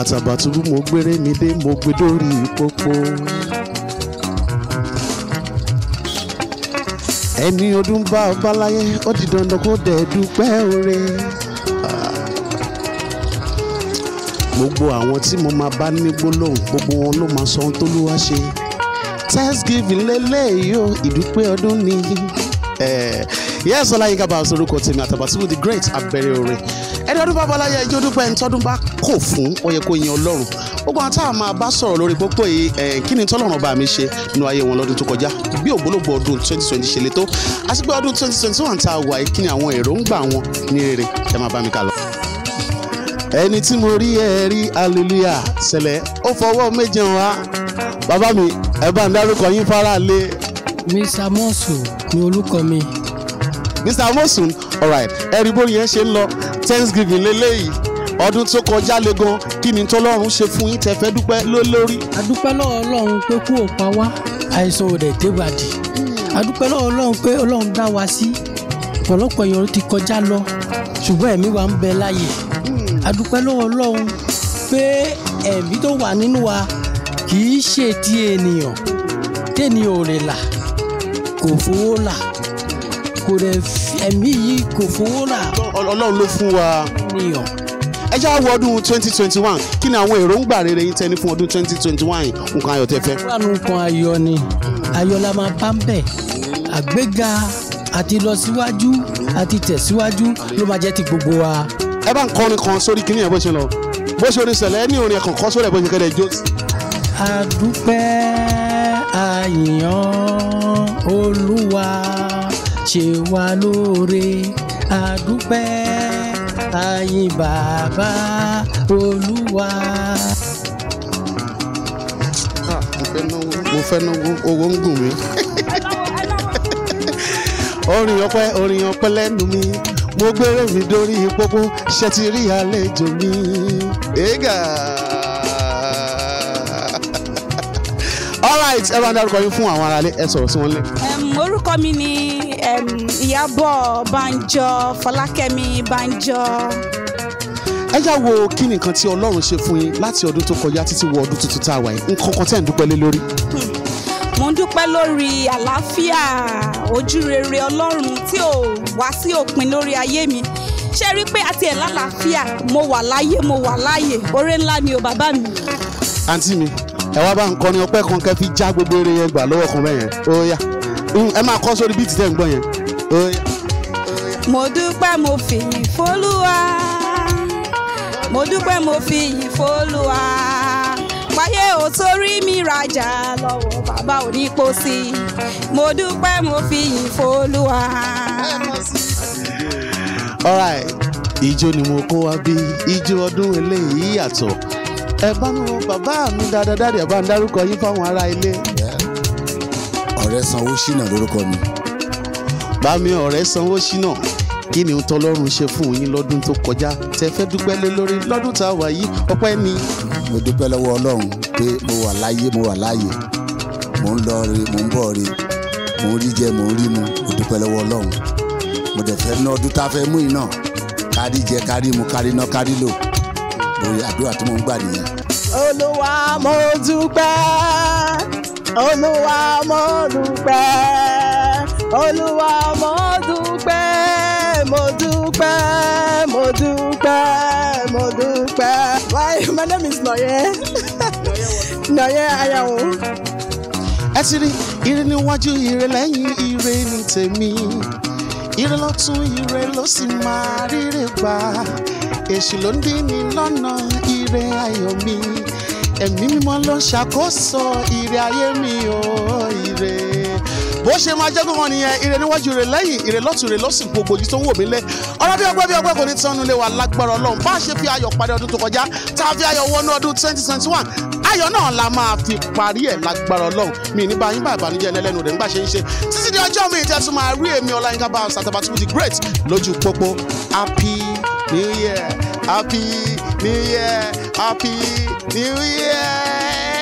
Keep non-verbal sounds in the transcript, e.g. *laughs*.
àtàbàtúbú mo gbére mi dé mo gbé dórí pópó. ẹni ọdún bá ọba láyé ó di dandan kó dẹ̀ dúpẹ́ oore. gbogbo àwọn tí mo máa bá ní gbólóhùn gbogbo wọn ló máa sọ ohun tó ló wá ṣe. thanksgiving lélẹ́yìí o ìdúpẹ́ ọdún ni. Eh, yẹ́sì ọláyínká bá sorúkọ tèmi àtàbàtúbù the great abẹ́rẹ́ orin ẹni ọdún bá bọ́láyà ẹjọ́ dúpẹ́ ẹni tọ́dún bá kò fún ó yẹ kó yin ọlọ́run gbogbo àwọn táwọn máa bá sọ̀rọ̀ lórí pópó yìí eh, kí ni tọ́lọ́run bá mi ṣe nu ayé wọn lọ́dún tó kọjá bí ògbólógbò ọdún twenty twenty ṣe lè tó àsìkò ọdún twenty twenty one tá a wà yìí kí ni àwọn èròǹgbà wọn ní rere ẹ máa bá mi kà lọ ẹni tí mo rí ẹ rí hallelujah ṣẹlẹ̀ ó fọwọ́ méje wá bàbá mi ẹ bá ń dárúkọ yín fara lé Mr. Monsoon ni olùkọ́ mi. Mr. Monsoon all right. bó yẹn ṣe ń lọ Thanksgiving lélẹ́yìí ọdún tó kọjá le gan kí ni tọ́lọ́run ṣe fún yín tẹ́fẹ́ dúpẹ́ lólórí. àdúpẹ́ lọ́wọ́ ọlọ́run pé kú ò pa wá àìsàn ò dẹ̀ tẹ́gbàdì àdúpẹ́ lọ́wọ́ ọlọ́run pé ọlọ́run dá wa sí ọ̀pọ̀lọpọ̀ èèyàn ti kọjá lọ ṣùgbọ́n ẹ̀mí wa ń bẹ láàyè àdúpẹ́ lọ́wọ́ ọlọ́run pé ẹ̀mí tó wà nínú wa kì í ṣe ti ènìyàn tẹ́ni ò rè là kò fowó là kò rẹ̀ ẹ̀mí yìí kò fowó là. ọlọ́run ló fún wa. níyàn ẹ já wọ ọdún twenty twenty one kí ni àwọn èròǹgbà rere yín tẹni fún ọdún twenty twenty one nǹkan ayọ̀ tẹ fẹ́. àwọn nǹkan ayọ̀ ni ayọ̀ la máa bá ń bẹ̀ àgbéga àti lọ àti tẹ̀síwájú ló máa jẹ́ ti gbogbo wa. ẹ bá ń kọrin kan sórí kíní ẹ bó ṣe lọ bó ṣe orin ṣẹlẹ̀ ẹ ní orin ẹ̀kọ́ kọ́ sórí ẹ bó ṣe kẹ́lẹ́ àyàn olúwa ṣe wá lóore àdúpẹ́ àyìn bàbá olúwa. Ah, mo fẹ́ náwó owó ń gùn mí orin ọpẹ́ orin ọpẹ́ lẹ́nu mi mo gbére mi dórí pópó ṣe ti rí àlejò mi. ega. alright ẹ bá ń dárúkọ yín fún àwọn aráalé ẹ sọ̀rọ̀ sí wọn lẹ́nu. orúkọ mi ni ìyábọ̀ banjọ fọlákẹ́mi banjọ. ẹ yá wo kí ni nǹkan tí ọlọ́run ṣe fún yín láti ọdún tó kọjá títí wọ ọdún tuntun tá a wà yìí nǹkan kan tẹ̀ ń dúpẹ́ lé lórí. mo ń dúpẹ́ lórí àlàáfíà ojúrere ọlọ́run tí ò wá sí òpin lórí ayé mi ṣe rí pé àti ẹ̀ lálàáfíà mo wà láyé mo wà láyé oore ńlá ni o bàbá mi. àǹtí mi ẹ wá bá ń kọrin ọpẹ́ kan kẹ́ fi já gbogbo eré yẹn gbà lọ́wọ́ kan bẹ́yẹn ó ẹ máa kọ sórí bíìtì tẹ́ ń gbọ́ yẹn ó mo dúpẹ́ mo fi yìn mo dúpẹ́ mo fi yìn fólúwa ò torí mi rajà lọ́wọ́ bàbá ò ní pọ̀ sí i mo dúpẹ́ mo fi yìn fólúwa. all right ijó ni mo kó wá bí ijó ọdún eléyìí yàtọ̀ ẹ bá mi wo bàbá mi dáadáa dáadáa ẹ bá ń dárúkọ yín fáwọn ará ilé. ọ̀rẹ́ sanwó ṣínà lórúkọ mi. bá mi ọ̀rẹ́ sanwó ṣínà kí ni tọlọ́run ṣe fún yín lọ́dún tó kọjá tẹ fẹ́ dúpẹ́ lé lórí lọ́dún tá a wà yìí ọpẹ́ ni. mo dúpẹ́ lọ́wọ́ ọlọ́run pé mo wà láyé mo wà láyé mo ń lọ rí mo ń bọ̀ rí mo ń rí jẹ mo ń rí mu mo dúpẹ́ lọ́wọ́ ọlọ́run mo dẹ̀ fẹ́ ná ọdún tá a fẹ́ mú iná kárí jẹ kárí mu kárí ná kárí lò bóyá àdúrà tí mo ń gbà nìyẹn. olúwa mo dúpẹ́ olúwa mo dúpẹ́ olúwa mo dúpẹ́ mo dúpẹ́ mo dúpẹ́ mo dúpẹ́. why my name is Noye *laughs* Noye Ayawo. ẹ ti rí ire níwájú ire lẹ́yìn ire ní tèmi ire lọ́tún ire ló sì máa ríre gbà èṣù ló ń dí mi lọ́nà ire ayọ̀ mi ẹ̀mí mímọ́ ló ń ṣàkóso ire ayé mi o ire bó ṣe máa jẹ́ gbọ́n nìyẹn ire níwájú ire lẹ́yìn ire lọ́tún ire lọ́sìn gbogbo ojú tó ń wò mí lé ọ̀rọ̀ bí ọgbẹ́ bí ọgbẹ́ kò ní tán nulẹ̀ wà lágbára ọlọ́run bá a ṣe fi ayọ̀ parí ọdún tó kọjá tá a fi ayọ̀ wọnú ọdún twenty twenty one ayọ̀ náà la máa fi parí ẹ̀ lágbára ọlọ́run mi ní bá yín bá ìbànújẹ́ ẹlẹ́nu rẹ̀ nígbà ṣe ń ṣe títí di ọjọ́ mi ìtẹ́tù máa rí èmi Ọláyínká Báyọ̀ Àtàbàtúbú the great lójú pópó happy New Year. Happy New Year. Happy New Year.